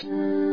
Christ.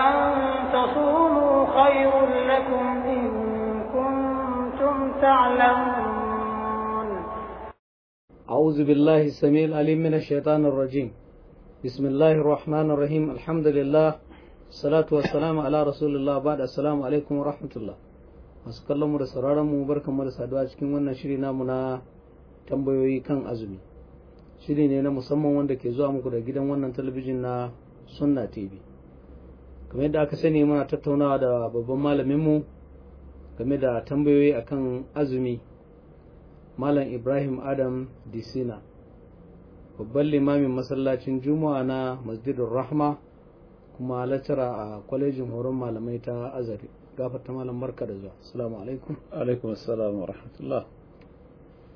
وأن تصوموا خير لكم إن كنتم تعلمون أعوذ بالله السميع العليم من الشيطان الرجيم بسم الله الرحمن الرحيم الحمد لله الصلاة والسلام على رسول الله بعد السلام عليكم ورحمة الله masu kallon mu da sauraron mu barkan mu da saduwa cikin wannan shiri namu na tambayoyi kan azumi shiri ne na musamman wanda ke zuwa muku da gidan wannan talabijin na sunna tv kamar yadda aka sani muna tattaunawa da babban malaminmu game da tambayoyi akan azumi malam ibrahim adam disina babban limamin masallacin juma'a na masjidin rahma kuma lacara a kwalejin horon malamai ta azari gafarta malam marka da zuwa assalamu alaikum alaikum assalam wa rahmatullah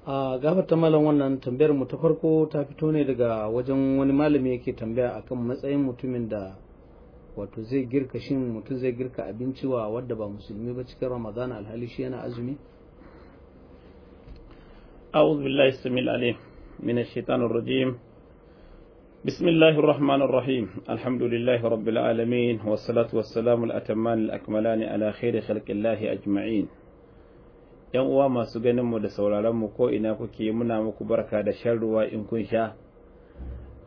a gafarta malam wannan tambayar mu ta farko ta fito ne daga wajen wani malami yake tambaya akan matsayin mutumin da wato zai girka shin mutu zai girka abinci wa wadda ba musulmi ba cikin ramadana alhali shi yana azumi a'udhu billahi samil alim min ash-shaytanir rajim bismillahir rahmanir rahim alhamdulillahi rabbil alamin was salatu was salam al atamman al akmalan ala khairi yan uwa masu ganin mu da sauraron mu ko ina kuke muna muku barka da shan ruwa in kun sha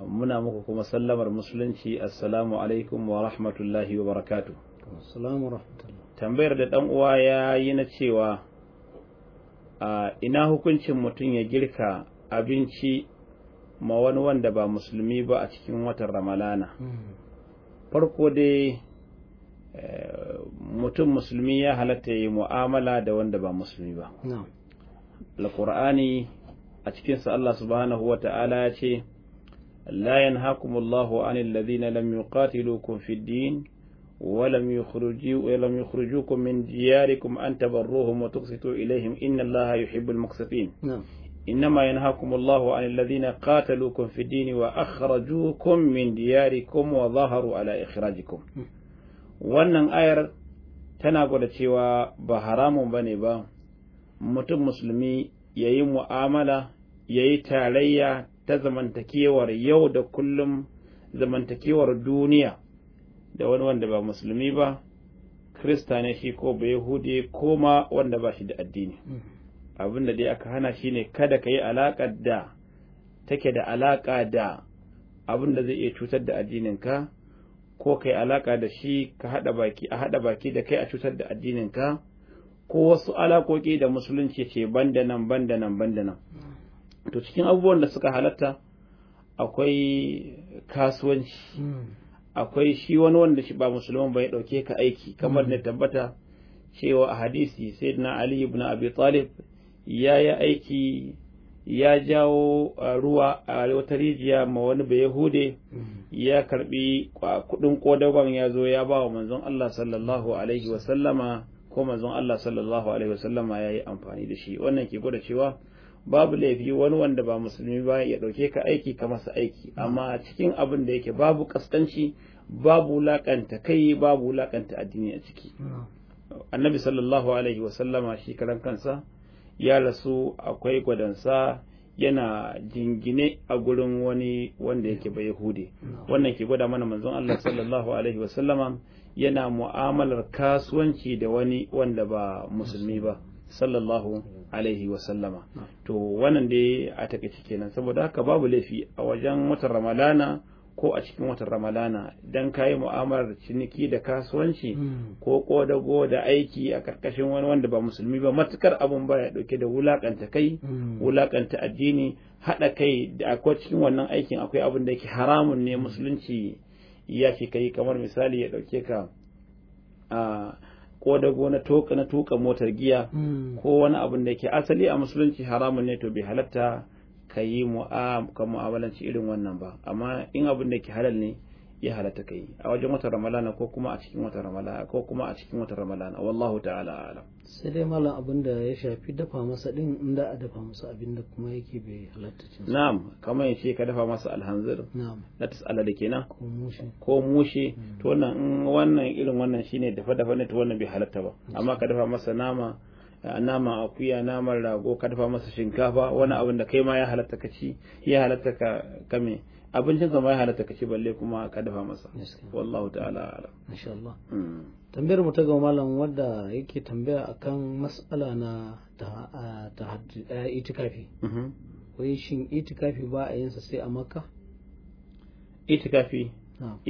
muna muku kuma sallamar musulunci assalamu alaikum wa rahmatullahi wa barakatu tambayar da dan uwa ya yi na cewa a ina hukuncin mutum ya girka abinci ma wani wanda ba musulmi ba a cikin watan ramalana hmm. farko dai eh, mutum musulmi ya halatta yi mu'amala da wanda ba musulmi ba alƙur'ani a cikinsa Allah subhanahu wa ta'ala ya ce لا ينهاكم الله عن الذين لم يقاتلوكم في الدين ولم يخرجوا ولم يخرجوكم من دياركم أن تبروهم وتقسطوا إليهم إن الله يحب المقسطين نعم. إنما ينهاكم الله عن الذين قاتلوكم في الدين وأخرجوكم من دياركم وظهروا على إخراجكم wannan ayar tana gwada cewa ba haramun ba ne ba mutum musulmi ya mu'amala tarayya ta zamantakewar yau da kullum zamantakewar duniya da wani wanda ba musulmi ba krista ne shi ko ba yahudi ko ma wanda ba shi da addini mm. abin da dai aka hana shi ne kada ka yi alaƙa da take da alaƙa da abin da zai iya cutar da addininka ko kai alaƙa da shi ka haɗa baki a haɗa baki da kai a cutar da addininka ko wasu alaƙoƙi da musulunci ce banda nan banda nan banda nan mm. to cikin abubuwan da suka halatta akwai kasuwanci hmm. akwai shi wani wanda shi ba musulman ba ya ɗauke ka aiki kamar hmm. ne tabbata cewa a hadisi sayyidina ali ibn abi talib ya yi aiki ya jawo ruwa a wata rijiya ma wani bai yahude hmm. ya karbi kudin kodaban ya zo ya ba wa manzon Allah sallallahu alaihi wa sallama ko manzon Allah sallallahu alaihi sallama ya yi amfani da shi wannan ke gwada cewa babu laifi wani wanda ba musulmi ba ya ɗauke ka aiki ka masa aiki amma cikin abin da yake babu kaskanci babu wulaƙanta kai babu wulaƙanta addini a ciki annabi sallallahu alaihi wasallama shi karan kansa ya rasu akwai gwadansa yana jingine a gurin wani wanda yake bai hude wannan ke gwada mana manzon Allah sallallahu alaihi wasallama yana mu'amalar kasuwanci da wani wanda ba musulmi ba sallallahu alaihi wa sallama to wannan dai a takaice kenan saboda haka babu laifi a wajen watan Ramadana ko a cikin watan ramalana dan kayi mu'amalar ciniki da kasuwanci hmm. ko kodago da aiki a karkashin wani wanda ba musulmi ba matukar abun baya dauke da wulakanta kai hmm. wulakanta addini hada kai da akwai cikin wannan aikin akwai abin da yake haramun ne musulunci ya fi kai kamar misali ya dauke ka dago na toka na tuka motar giya hmm. ko wani abin da ke asali a musulunci haramun ne to bai halatta ka yi mu'amalanci irin wannan ba amma in abin da ke halal ne ya halatta kai a wajen watan ramalana ko kuma a cikin watan ramalana ko kuma a cikin watan ramalana wallahu ta'ala alam sai dai malam abin da ya shafi dafa masa din inda a dafa masa abin da kuma yake bai halatta cin na'am kamar ce ka dafa masa alhanzir na'am na tsala da kenan ko mushi ko mushi hmm. to wannan in wannan irin wannan shine dafa dafa ne to wannan bai halatta ba hmm. amma ka dafa masa nama nama akuya naman rago ka dafa masa shinkafa wani abin da kai ma ya halatta ka ci ya halatta ka kame abincin sa ya halatta kashi balle kuma ka dafa masa wallahu ta'ala ala insha Allah hmm. tambayar mu ta ga malam wanda yake tambaya akan mas'ala na ta itikafi mm-hmm. wai shin itikafi ba a yin sa sai a makka itikafi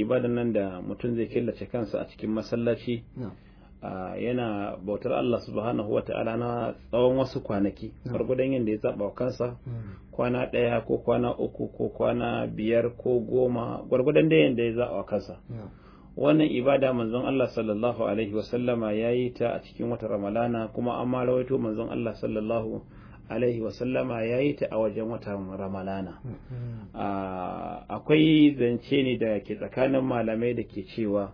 ibadan nan da mutum zai killace kansa a cikin masallaci Ah, yana bautar Allah subhanahu wa ta'ala na tsawon wasu kwanaki hmm. gwargwadon yadda ya zaɓa kansa hmm. kwana ɗaya ko kwana uku ko kwana biyar ko goma gwargwadon da yadda ya zaɓa kansa hmm. wannan ibada manzon Allah sallallahu alaihi sallama ya yi ta a cikin wata ramalana kuma an ma rawaito manzon Allah sallallahu alaihi sallama ya yi ta a wajen wata ramalana ah, akwai zance ne da ke tsakanin malamai da ke cewa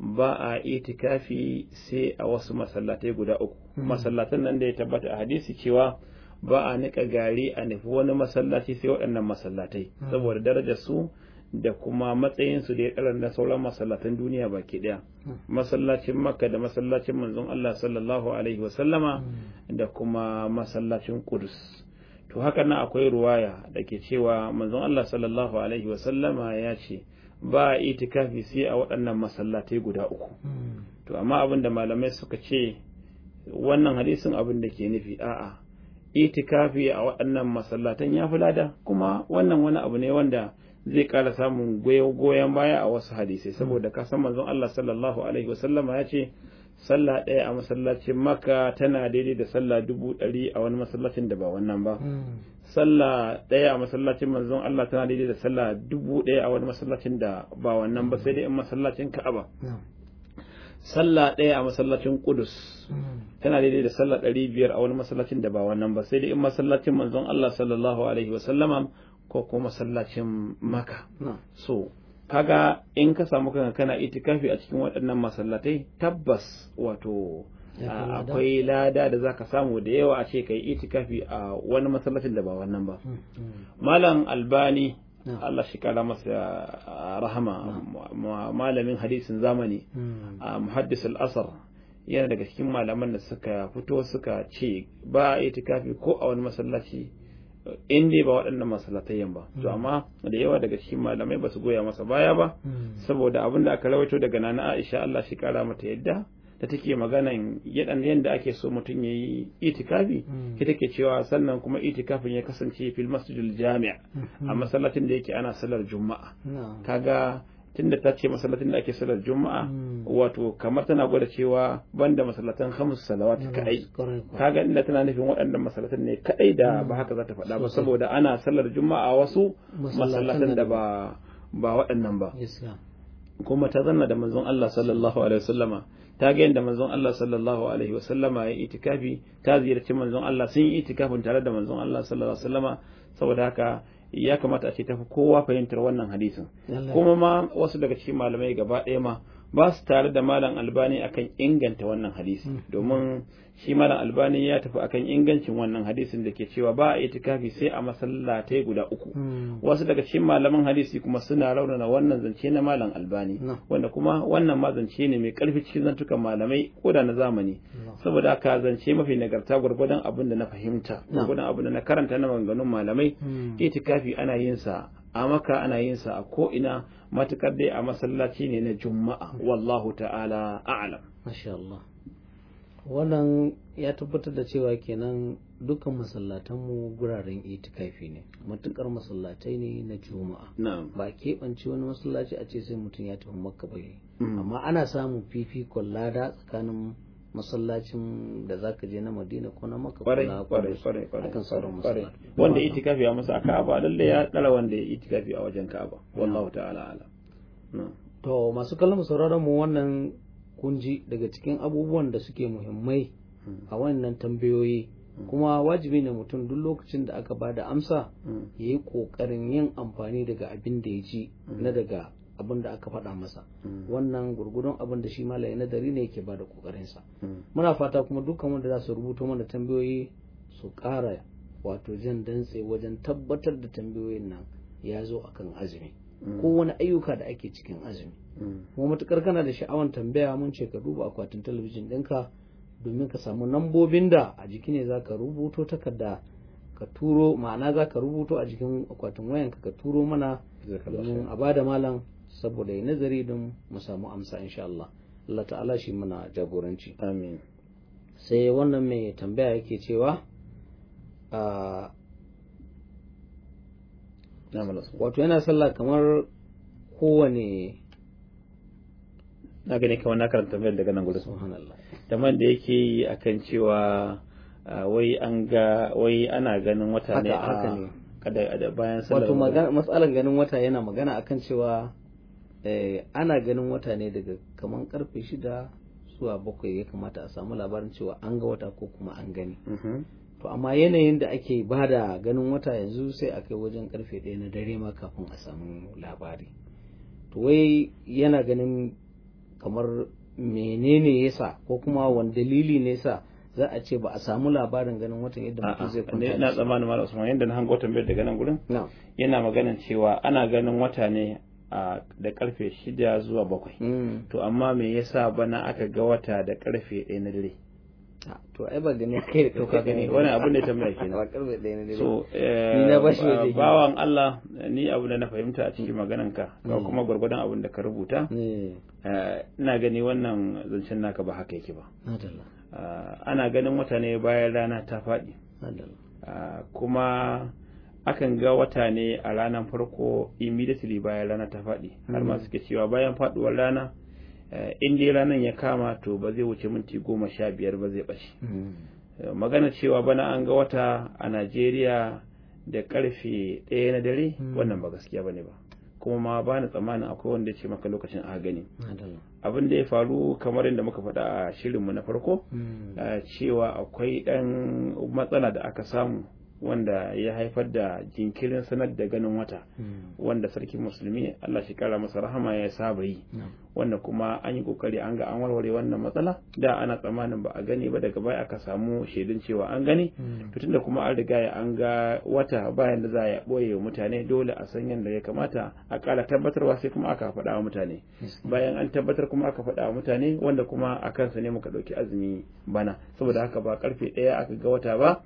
ba a itikafi sai a wasu masallatai guda uku hmm. masallatan nan da ya tabbata a hadisi cewa ba a niƙa gari a nufi wani masallaci sai waɗannan masallatai hmm. saboda darajar su da kuma matsayin su da ya ɗara na sauran masallatan duniya baki ɗaya hmm. masallacin makka da masallacin manzon Allah sallallahu alaihi wa sallama da kuma masallacin kudus to haka nan akwai ruwaya da ke cewa manzon Allah sallallahu alaihi wa sallama ya ce ba a itikafi sai a waɗannan masallatai guda uku hmm. to amma abin da malamai suka ce wannan hadisin abin da ke nufi a'a itikafi a waɗannan masallatan ya fi lada kuma wannan wani abu ne wanda zai ƙara samun goyon baya a wasu hadisai hmm. saboda ka san manzon Allah sallallahu alaihi wasallama ya ce sallah ɗaya a masallacin maka tana daidai da sallah dubu ɗari a wani masallacin da ba wannan ba hmm. sallah ɗaya a masallacin manzon Allah tana daidai da sallah dubu ɗaya a wani masallacin da ba wannan ba sai dai in masallacin Ka'aba sallah ɗaya a masallacin Kudus hmm. tana daidai da sallah ɗari biyar a wani masallacin da ba wannan ba sai dai in masallacin manzon Allah sallallahu alaihi wa sallama ko kuma masallacin Maka so kaga in ka samu kanka kana itikafi a cikin waɗannan masallatai tabbas wato akwai lada da zaka samu da yawa a ce kai itikafi a wani masallacin da ba wannan ba hmm. malam albani Allah shi kara masa rahama malamin hadisin zamani hmm. a muhaddis al-asr yana daga cikin malaman da suka fito suka ce ba itikafi ko a wani masallaci in dai ba waɗannan masallatayyan ba to hmm. amma da yawa daga cikin malamai ba su goya masa baya ba saboda abin da aka rawaito daga nana Aisha Allah shi kara mata yadda da take maganan yadda ake so mutum ya yi itikafi ke mm. take cewa sannan kuma itikafin ya kasance fil masjidil jami'a a mm-hmm. masallacin da yake ana salar juma'a kaga tunda ta ce masallacin da ake salar juma'a mm. wato kamar tana gwada cewa banda masallatan hamsu salawat mm, kadai kaga inda tana nufin waɗannan masallatan ne kadai da ba haka za ta faɗa ba saboda ana sallar juma'a wasu masallatan da ba ba waɗannan ba kuma ta zanna da manzon Allah sallallahu alaihi wasallama ta ga yadda manzon Allah sallallahu alaihi wa sallama ya itikafi ta ziyarci manzon Allah sun yi itikafin tare da manzon Allah sallallahu alaihi wa sallama saboda haka ya kamata a ce tafi kowa fahimtar wannan hadisin kuma ma wasu daga cikin malamai gaba ɗaya ma ba su tare da malam albani akan inganta wannan hadisi mm. domin shi malam albani ya tafi akan ingancin wannan hadisin da ke cewa ba a itikafi sai a masallatai guda uku mm. wasu daga cikin malaman hadisi kuma suna raunana wannan zance na malam albani mm. wanda kuma wannan ma zance ne mai karfi cikin zantukan malamai ko da na zamani saboda haka zance mafi nagarta gwargwadon abin da na fahimta gwargwadon abin da na karanta na maganganun malamai hmm. itikafi ana yin sa a maka ana yin sa a ko ina matukar dai a masallaci ne na juma'a wallahu ta'ala a'lam masha Allah wannan ya tabbatar da cewa kenan dukkan mu guraren itikafi ne matukar masallatai ne na juma'a ba keɓance wani masallaci a ce sai mutum ya tafi makka ba hmm. amma ana samun fifikon lada tsakanin masallacin da za ka je na Madina ko na maka kwarai kwarai kwarai kwarai akan sauran masallaci wanda itikafi a masa Ka'aba lalle ya dara wanda ya itikafi a wajen Ka'aba wallahu ta'ala ala to masu kallon sauraron mu wannan kunji daga cikin abubuwan da suke muhimmai hmm. a wannan tambayoyi hmm. kuma wajibi ne mutum duk lokacin da aka ba da amsa hmm. ya yi ƙoƙarin yin amfani daga abin da ya ji na daga abin da aka faɗa masa hmm. wannan gurgudun abin da shi malai dari ne yake bada ƙoƙarinsa hmm. muna fata kuma dukkan wanda za su rubuto mana tambayoyi su ƙara wato jan dantse wajen tabbatar da tambayoyin nan ya zo akan azumi hmm. ko wani ayyuka da ake cikin azumi kuma matukar kana da sha'awan tambaya mun ce ka duba akwatin talabijin ɗinka domin ka samu nambobin da a jiki ne za ka rubuto takarda ka turo ma'ana za ka rubuto a jikin akwatin wayanka ka turo mana domin a bada malam saboda ya nazari don mu samu amsa insha Allah Allah ta'ala shi muna jagoranci amin sai wannan mai tambaya yake cewa a wato yana sallah kamar kowane na gani kamar na karanta tambayar daga nan gudu subhanallah man da yake yi akan cewa wai an ga wai ana ganin wata ne a kada bayan wato matsalar ganin wata yana magana akan cewa Eh, ana ganin wata ne daga kaman karfe shida zuwa bakwai ya kamata a samu labarin cewa an ga wata ko kuma an gani mm-hmm. to amma yanayin da ake bada ganin wata yanzu sai a kai wajen karfe ɗaya na dare ma kafin a samu labari to wai yana ganin kamar menene yasa ko kuma wani dalili ne yasa za a ce ba a samu labarin ganin watan yadda mutum zai kwanta ina tsammanin malam Usman yadda na hango tambayar da ganin gurin yana maganin cewa ana ganin wata ne da karfe shida zuwa bakwai mm. to amma me yasa bana aka ga wata da karfe ɗaya na dare ah, to ai ba gani kai to ka gani wani abu ne tambaya kenan ba karfe ɗaya na dare so eh, ni na bashi waje bawan Allah ni abu da na fahimta a cikin mm. maganan ka ga mm. kuma gwargwadon abin da ka rubuta eh, ina gani wannan zancen naka ba haka yake ba ah, ana ganin mutane bayan rana ta faɗi ah, kuma akan ga wata ne a ranar farko immediately bayan rana ta faɗi har ma hmm. suke cewa bayan faɗuwar rana eh, in dai ranar ya kama to ba zai wuce minti goma sha biyar ba zai ɓace hmm. eh, magana cewa bana an ga wata a najeriya da karfe ɗaya na dare hmm. wannan ba gaskiya ba ne ba kuma ma ba na tsammanin akwai wanda ya ce maka lokacin a gani abin da ya faru kamar yadda muka faɗa a shirinmu na farko eh, cewa akwai ɗan matsala da aka samu wanda ya haifar da jinkirin sanar da ganin wata hmm. wanda sarki musulmi Allah shi kara masa rahama ya saba yi wanda kuma an yi kokari an ga an warware wannan matsala da ana tsammanin ba a gani ba daga baya aka samu shaidun cewa an gani hmm. to tunda kuma an riga an ga wata bayan da za a boye mutane dole a san yadda ya kamata a kara tabbatarwa sai kuma aka faɗa wa mutane bayan an tabbatar kuma aka faɗa wa mutane wanda kuma a kansa ne muka ɗauki azumi bana saboda haka ba karfe ɗaya aka ga wata ba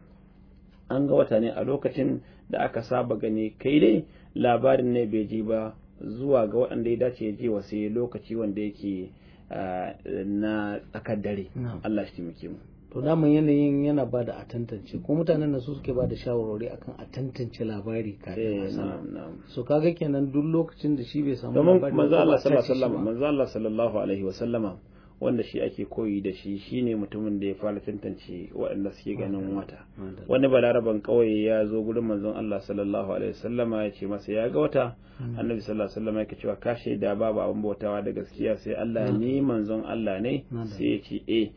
an ga wata ne a lokacin da aka saba gani kai dai labarin ne bai ji ba zuwa ga waɗanda ya dace ya ji wasu lokaci wanda yake na tsakar dare Allah shi taimake mu to daman yanayin yana ba da a tantance ko mutanen nan su suke ba da shawarwari akan a tantance labari kafin a eh, samu so kaga kenan duk lokacin da shi bai samu labari domin manzo Allah sallallahu alaihi wa sallama wanda shi ake koyi da shi ne mutumin da ya fara tantance waɗanda suke ganin wata wani balaraban kawai ya zo wurin manzon Allah sallallahu alaihi wasallama ya ce masa ya ga wata hmm. annabi sallallahu alaihi wasallama ya cewa ka shaida babu abin bautawa da gaskiya sai Allah hmm. ni manzon Allah ne sai ya ce eh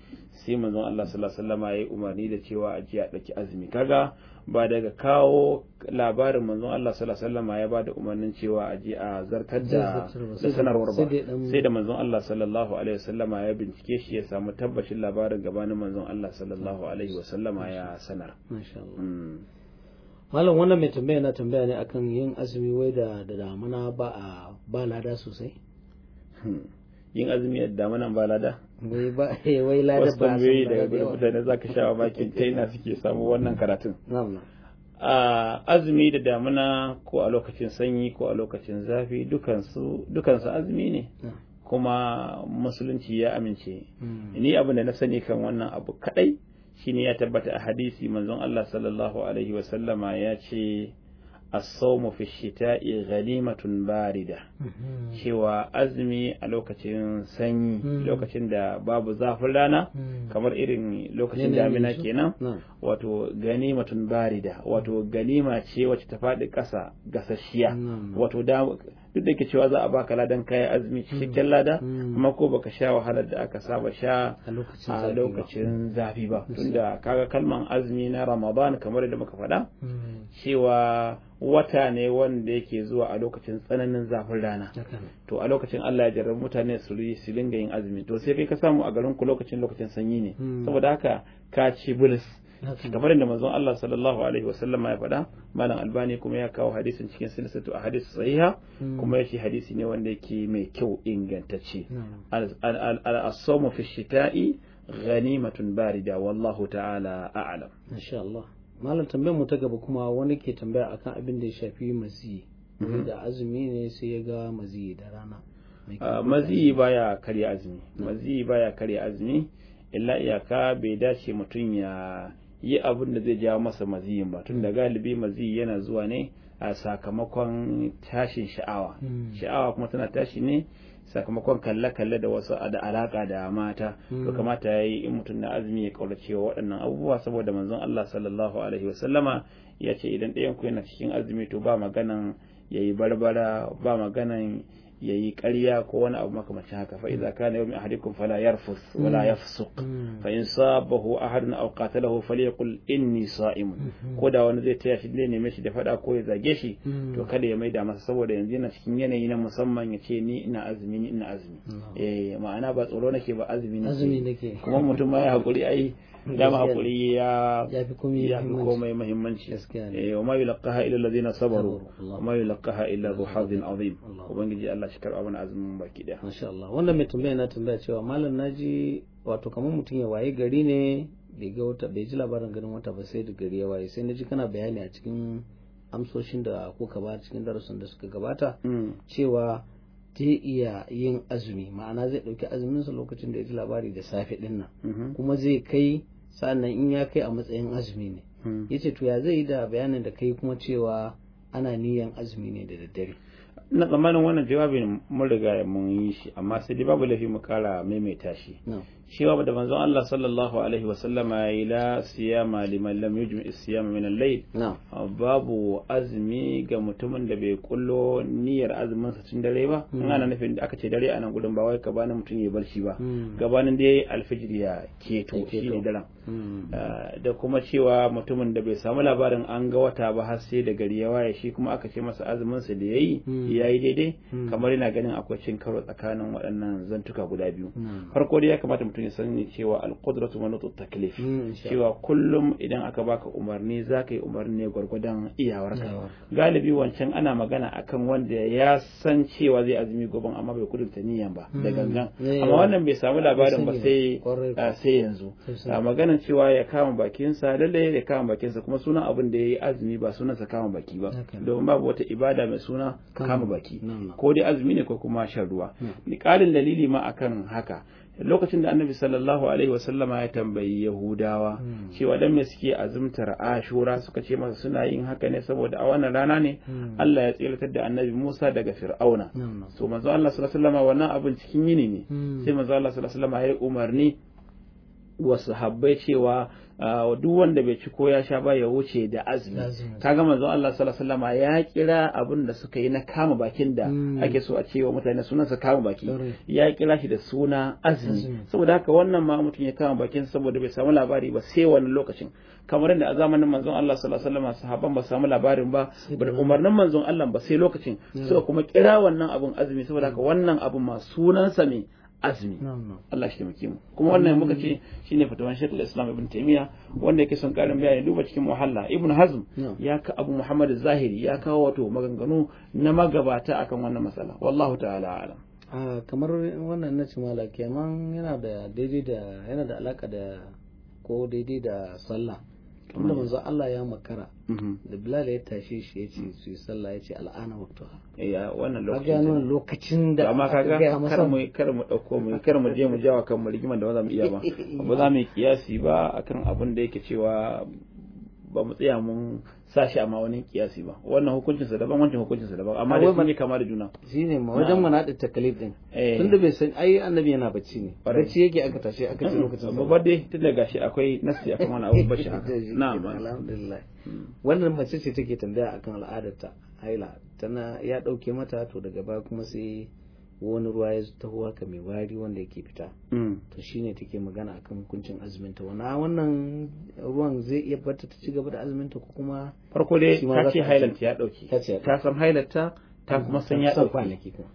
sai manzon Allah sallallahu alaihi wasallama ya yi umarni da cewa a ji a ɗauki azumi kaga ba daga kawo labarin manzon Allah sallallahu alaihi wasallam ya bada umarnin cewa a je a zartar da sanarwar ba sai da manzon Allah sallallahu alaihi wasallam ya bincike shi ya samu tabbacin labarin gabanin manzon Allah sallallahu alaihi wasallam ya sanar hmm. malam wannan mai tambaya na tambaya ne akan yin azumi wai da damuna ba a ba lada sosai hmm. yin azumi a damu ba lada bai ba eh, wai lada ba tambayoyi daga gurin mutane zaka sha mamakin ta suke samu wannan karatun a azumi da damuna ko a lokacin sanyi ko a lokacin zafi dukansu dukansu azumi ne kuma musulunci ya amince hmm. ni abin da na sani kan wannan abu kadai shine ya tabbata a hadisi manzon Allah sallallahu alaihi wasallama ya ce as-sawmu fi shita'i barida mm-hmm. cewa azumi a lokacin sanyi mm-hmm. lokacin da babu zafin rana mm-hmm. kamar irin lokacin damina kenan wato ganimatun barida wato ganima ce wacce ta faɗi ƙasa gasasshiya wato duk da ke cewa za a baka ladan kayan azumi hmm. cikakken lada hmm. amma ko baka sha wahalar da aka saba sha a lokacin zafi ba hmm. tunda kaga kalman azumi na ramadan kamar da muka faɗa cewa wata ne wanda yake zuwa a lokacin tsananin zafin rana to a lokacin Allah ya jarrabi mutane su yi su dinga yin azumi to sai kai ka samu a garin ku lokacin lokacin sanyi ne saboda haka ka ci bilis kamar yadda manzon Allah sallallahu alaihi wasallama ya faɗa malam albani kuma ya kawo hadisin cikin silsatu a hadisi sahiha hmm. kuma yake hadisi ne wanda yake mai kyau ingantacce al asamu fi shita'i ghanimatun barida wallahu ta'ala a'lam insha Allah malam tambayar mu ta gaba kuma wani ke tambaya akan abin da ya shafi mazi mm-hmm. da azumi ne sai ya ga mazi da rana ah, mazi baya karya azumi mazi baya karya azumi illa iyaka bai dace mutum ya yi abin da zai jawo masa maziyin ba da galibi maziyi yana zuwa ne a sakamakon tashin sha'awa hmm. sha'awa kuma tana tashi ne sakamakon kalle-kalle da wasu da alaka da mata to hmm. kamata ya yi in mutum na azumi ya kaurace wa waɗannan abubuwa saboda manzon Allah sallallahu alaihi wasallama ya ce idan ɗayan ku yana cikin azumi to ba maganan ya yi barbara ba maganan ya yi ƙarya ko wani abu makamacin haka fa idza kana yawmi ahadikum fala yarfus wala mm. yafsuq mm. fa in sabahu ahadun aw qatalahu falyaqul inni sa'im mm-hmm. ko da wani zai taya shi ne neme shi da fada ko ya zage shi mm. to kada ya maida masa saboda yanzu yana cikin yanayi na musamman ya ce ni ina azumi ni ina azumi eh ma'ana ba tsoro nake ba azumi nake kuma mutum ma ya hakuri ai dama hakuri ya ya fi komai muhimmanci eh wa ma yulqaha illa alladhina sabaru wa ma yulqaha illa dhu hadin azim ubangiji Allah shi karba mana azumin baki daya masha Allah wannan mai tambaya na tambaya cewa malam naji wato kamar mutum ya waye gari ne bai ga wata bai ji labarin ganin wata ba sai da gari ya waye sai naji kana bayani a cikin amsoshin da kuka ba cikin darasin da suka gabata mm. cewa zai iya yin azumi ma'ana zai ɗauki azuminsa lokacin da ya ji labari da safe ɗin nan mm-hmm. kuma zai kai sa'annan in ya kai a matsayin azumi ne hmm. ya ce to ya zai yi da bayanin da kai kuma cewa ana niyan azumi ne da daddare na tsammanin wannan jawabin mun riga mun yi shi amma sai dai babu laifi mu kara maimaita shi Cewa ba da manzon Allah sallallahu alaihi wa sallama yi la siyama liman lam yujmi siyama min al-layl babu azmi ga mutumin da bai kullo niyyar azumin sa tun dare ba hmm. in ana nufin da aka ce dare anan gudun ba wai gabanin mutum ya barci ba hmm. gabanin dai alfijir ya keto shine daren hmm. ah, da kuma cewa mutumin da bai samu labarin an ga wata ba har sai da gari ya waye shi kuma aka ce masa azumin sa da yayi yayi daidai kamar yana ganin akwai cin karo tsakanin waɗannan zantuka guda biyu farko dai ya kamata mutum ya sani cewa alƙudratu wani taklif hmm, cewa kullum idan aka baka umarni za ka yi umarni ne gwargwadon iyawarka galibi wancan ana magana akan wanda ya san cewa zai azumi goban amma bai kudurta niyan ba da hmm. gangan amma wannan bai samu labarin ba sai ah, sai yanzu ah, maganan cewa ya kama bakinsa lalle ya kama bakinsa kuma sunan abin da ya yi azumi ba sa kama baki ba domin babu wata ibada mai suna kama baki ko dai azumi ne ko kuma shan ruwa ni dalili ma akan haka lokacin da annabi sallallahu alaihi wasallama ya tambayi yahudawa hmm. cewa dan me suke azumtar ashura suka ce masa suna yin haka ne saboda a wannan rana ne hmm. Allah ya tsiratar da annabi Musa daga Fir'auna hmm. so manzo Allah sallallahu alaihi wasallama wannan abin cikin yini ne sai manzo Allah sallallahu alaihi wasallama ya umarni wa sahabbai cewa Ah, duk wanda bai ci ko ya sha ba ya wuce da azumi ga manzon Allah sallallahu alaihi wasallam ya kira abin da suka yi na kama bakin da hmm. ake so a cewa mutane sunan sa kama baki ya kira shi da suna azumi saboda haka wannan ma mutum ya kama bakin saboda bai samu labari ba sai wani lokacin kamar da a zamanin manzon Allah sallallahu alaihi wasallam sahabban ba samu labarin ba bar umarnin manzon Allah ba sai lokacin so kuma kira wannan abun azumi saboda haka wannan abun ma sunan sa me azumi Allah shi taimake mu kuma wannan muka ce shine fatawan Sheikhul Islam Ibn Taymiya wanda yake son karin bayani duba cikin muhalla Ibn Hazm ya ka Abu Muhammad Zahiri ya kawo wato maganganu na magabata akan wannan matsala wallahu ta'ala alam kamar wannan na cimala yana da daidai da yana da alaka da ko daidai da sallah tunda manzo Allah ya makara mm-hmm. da Bilal ya tashe shi ya ce su yi sallah ya ce al'ana waqtuha eh, ya wannan lokacin ga lokacin da amma kaga kar mu kar mu dauko mu kar mu je mu jawa kan mu rigima da ba za mu iya ba ba za mu yi kiyasi ba akan abin da yake cewa ba mu tsaya mun sashi a ma'aunin kiyasi ba wannan hukuncin sa daban wancan hukuncin sa daban amma dai sun yi kama da juna shine ma wajen mu da takalif din eh. tunda bai san ai annabi yana bacci ne bacci yake aka tashi aka ci lokacin sa babba dai tunda gashi akwai nasi akan wani abu bashi na'am alhamdulillah hmm. wannan mace ce take tambaya akan al'adarta haila tana ya dauke mata to daga baya kuma sai wani ruwa ya taho haka mai wari wanda yake fita mm. to shine take magana akan hukuncin azumin ta wani wannan ruwan zai iya barta ta ci gaba da azuminta ta ko kuma farko dai ta ce highland ya dauke ta san highland ta kuma san ya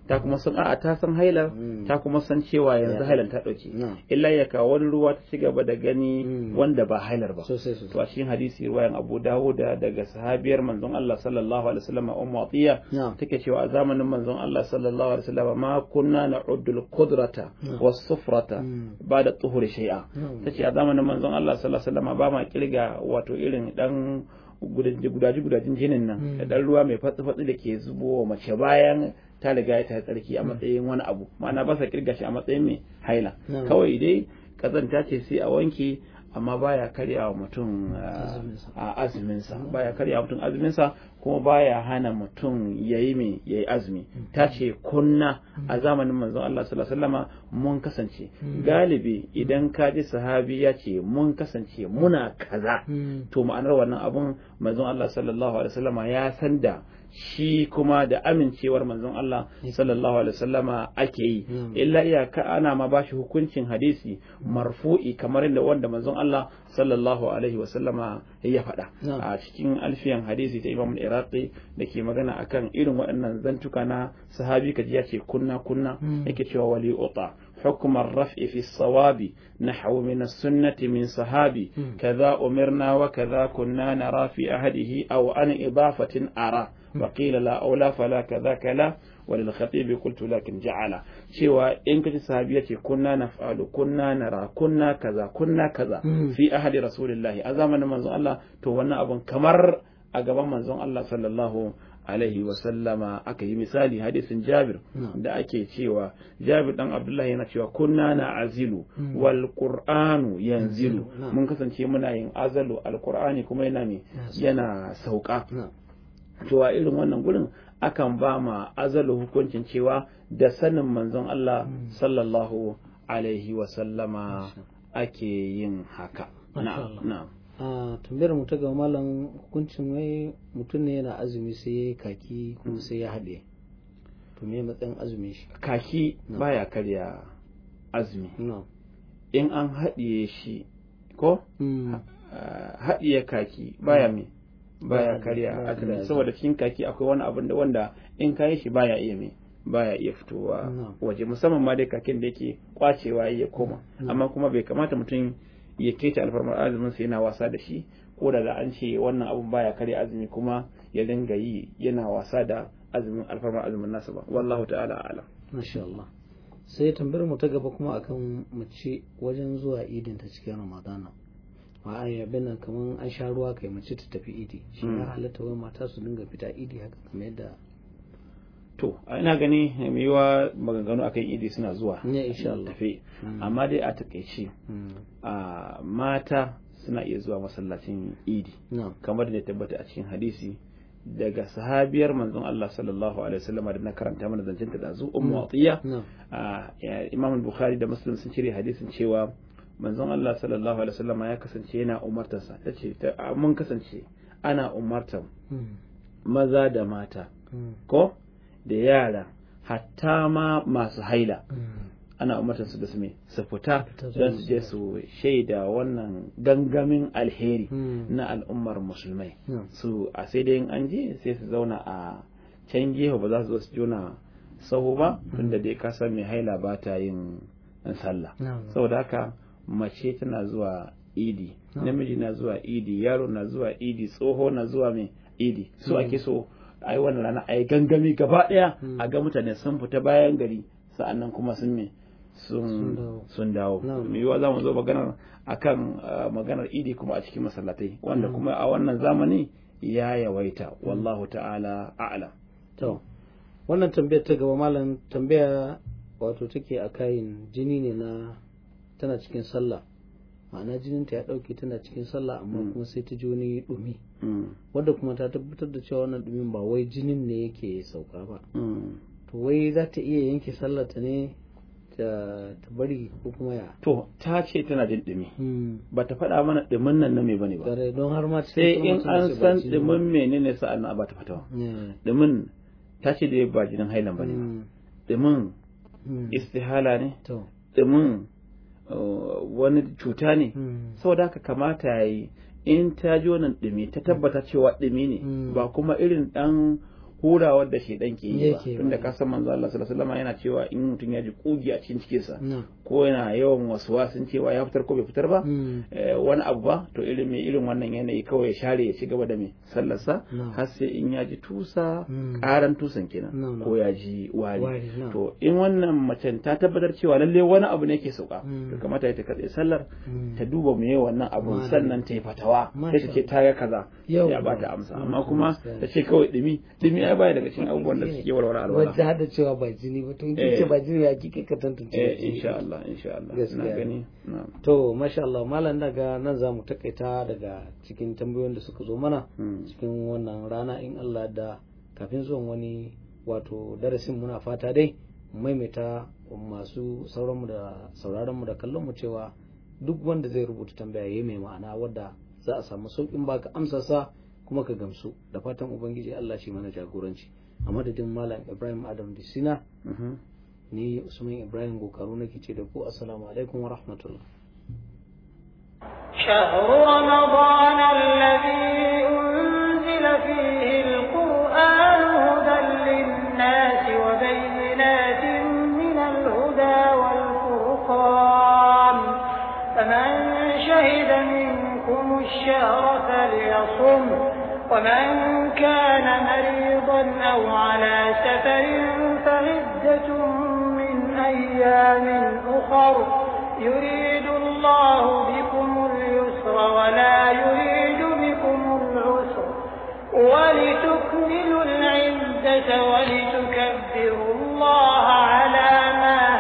ta kuma san a'a ta san haila mm. ta kuma san cewa yanzu hailar ta dauke illa ya kawo wani ruwa ta cigaba da gani mm. wanda ba hailar ba to a cikin hadisi ruwayan Abu Dawuda daga sahabiyar manzon Allah sallallahu alaihi wasallam Ummu Atiya take cewa a zamanin manzon Allah sallallahu alaihi wasallam ma kunna na'uddul qudrata was sufrata mm. ba'da tuhuri shay'a tace a zamanin manzon Allah sallallahu alaihi wasallam ba ma kirga wato irin dan gudaje-gudajen jinin nan hmm. da ɗan ruwa mai fatsi-fatsi da ke zubo wa mace bayan ta riga ta tsarki a hmm. matsayin wani abu ma'ana ba sa kirga shi a matsayin mai haila hmm. kawai dai kazanta ce sai a wanke amma baya karya wa mutum ah, a azuminsa baya karya wa mutum azuminsa kuma baya hana mutum yayi me yayi azumi ta ce kunna a zamanin manzon Allah sallallahu alaihi wasallama mun kasance hmm. galibi idan ka ji sahabi ya ce mun kasance muna kaza hmm. to ma'anar wannan abun manzon Allah sallallahu alaihi wasallama ya san da shi kuma da amincewar manzon Allah sallallahu alaihi wasallama ake yi hmm. illa iyaka ana ma bashi hukuncin hadisi marfu'i kamar inda wanda manzon Allah sallallahu alaihi wasallama ya faɗa a cikin alfiyan hadisi ta Imam Iraqi da ke magana akan irin waɗannan zantuka na sahabi kaji ya ce kunna kunna hmm. yake cewa wali uta حكم الرفع في الصواب نحو من السنة من صحابي كذا أمرنا وكذا كنا نرى في أهده أو عن إضافة أرى وقيل لا أو لا فلا كذاك لا وللخطيب قلت لكن جعل شوى إن كنت صحابيتي كنا نفعل كنا نرى كنا كذا كنا كذا في أهل رسول الله أزامن منزون الله تونا أبن كمر أقبان منزون الله صلى الله alaihi wasallama aka yi misali hadisin jabir mm. da ake cewa jabir dan abdullahi yana cewa kunna na azilu mm. wal qur'anu yanzilu mm. mun kasance muna yin azalu al qur'ani kuma yana me yana sauka to a irin wannan gurin akan ba ma azalu hukuncin cewa da sanin manzon Allah mm. sallallahu alaihi wa sallama ake yin haka na'am a tambayar mu ta ga malam hukuncin mai mutum ne yana azumi sai ya kaki kuma sai ya haɗe to me matsayin azumin shi kaki baya karya azumi in an haɗiye shi ko mm. eh, haɗiye kaki baya mm. me baya karya azumi saboda cikin kaki akwai wani abun da wanda in kayi shi baya iya me baya iya fitowa waje musamman ma dai kakin da yake kwacewa ya koma amma kuma bai kamata mutum ya keta alfarmar azumin sa yana wasa da shi ko da an ce wannan abun baya karya azumi kuma ya dinga yi yana wasa da azumin alfarmar azumin nasa ba wallahu ta'ala alam masha Allah sai tambayar mu ta gaba kuma akan mace wajen zuwa idin ta cikin ramadana ma'aya binan kamar an sha ruwa kai mace ta tafi idi shi ya hmm. halatta wani mata su dinga fita idi haka kamar yadda to ina gani mai yiwa maganganu akan idi suna zuwa ne insha Allah tafi hmm. amma dai a takaice hmm. a mata suna iya zuwa masallacin idi kamar da tabbata a cikin hadisi daga sahabiyar manzon Allah sallallahu alaihi wasallam da na karanta mana zancen ta da zu ummu atiya imam bukhari da muslim sun cire hadisin cewa manzon Allah sallallahu alaihi Wasallama ya kasance yana umartar ta tace mun kasance ana umartar hmm. maza da mata hmm. ko da yara hatta ma masu haila hmm. ana umartar su da su me su fita don su je su shaida wannan gangamin alheri na al'ummar musulmai su a sai dai an je sai su zauna a can gefe ba za su zo su jona sahu ba tunda dai ka san mai haila ba ta yin sallah saboda haka mace tana zuwa idi ah. namiji na zuwa idi yaro na zuwa idi tsoho na zuwa mai idi su hmm. ake so a yi wannan rana a yi gangami gaba daya hmm. a ga mutane sun fita bayan gari sa'annan kuma sun me sun dawo mai yiwa za mu zo maganar akan maganar idi kuma a cikin masallatai wanda hmm. kuma a wannan zamani ya yawaita wallahu ta'ala a'lam to wannan tambayar ta gaba malam tambaya wato take a kayan jini ne na tana cikin sallah ma'ana jininta ya ɗauke tana cikin sallah amma hmm. kuma sai ta ji wani dumi. Hmm. wadda kuma ta tabbatar da cewa wannan dumin ba wai jinin ne yake sauka ba hmm. to wai za ta iya yanke sallah ta ne ta bari ko kuma ya to ta ce tana jin dumi ba ta faɗa mana dumin nan na me bane ba don har ma sai in an san dumin menene sa'an nan ba ta fata. ba dumin ta ce da ba jinin hailan bane ba dumin istihala ne To dumin wani cuta ne hmm. saboda haka kamata ya yi in ta ji wannan ɗumi ta tabbata cewa ɗumi ne hmm. ba kuma irin ɗan hurawa da ɗan ke yi ba tunda ka san manzo Allah yana cewa in mutum ya ji kugi a cikin cikinsa ko yana yawan wasu wasan cewa ya fitar ko bai fitar ba hmm. eh, wani abu ba to irin irin wannan yanayi kawai ya share ya ci gaba da mai sallarsa har sai in ya ji tusa karan hmm. tusan kenan ko ya ji wari to in wannan macen ta tabbatar cewa lalle wani abu ne ke sauka hmm. to kamata ta katse sallar ta duba me wannan abu sannan ta yi fatawa sai ta ce ta ga kaza ya ba ta amsa amma kuma ta ce kawai dumi dumi ai baya daga cikin abubuwan da suke walwala alwala wanda hada cewa ba jini ba to in ce eh. ba jini ya kike ka tantance eh, insha Allah Allah insha Allah na gani to masha Allah mallan daga nan za mu takaita daga cikin tambayoyin da suka zo mana hmm. cikin wannan rana in Allah da kafin zuwan wani wato darasin muna fata dai maimaita masu sauranmu da sauraronmu da mu cewa duk wanda zai rubuta tambaya ya mai ma'ana wadda za a samu sauƙin baka amsa sa kuma ka gamsu da fatan ubangiji Allah shi mana jagoranci a madadin malam Ibrahim Adam Disina mm-hmm. ni usman ibrahim gokaru nake ce da ku assalamu alaikum wa rahmatullah شهر رمضان الذي أنزل فيه القرآن هدى للناس وبينات من الهدى والفرقان فمن شهد منكم الشهر فليصم ومن كان مريضا أو على سفر فليصم أيام أخر يريد الله بكم اليسر ولا يريد بكم العسر ولتكملوا العزة ولتكبروا الله على ما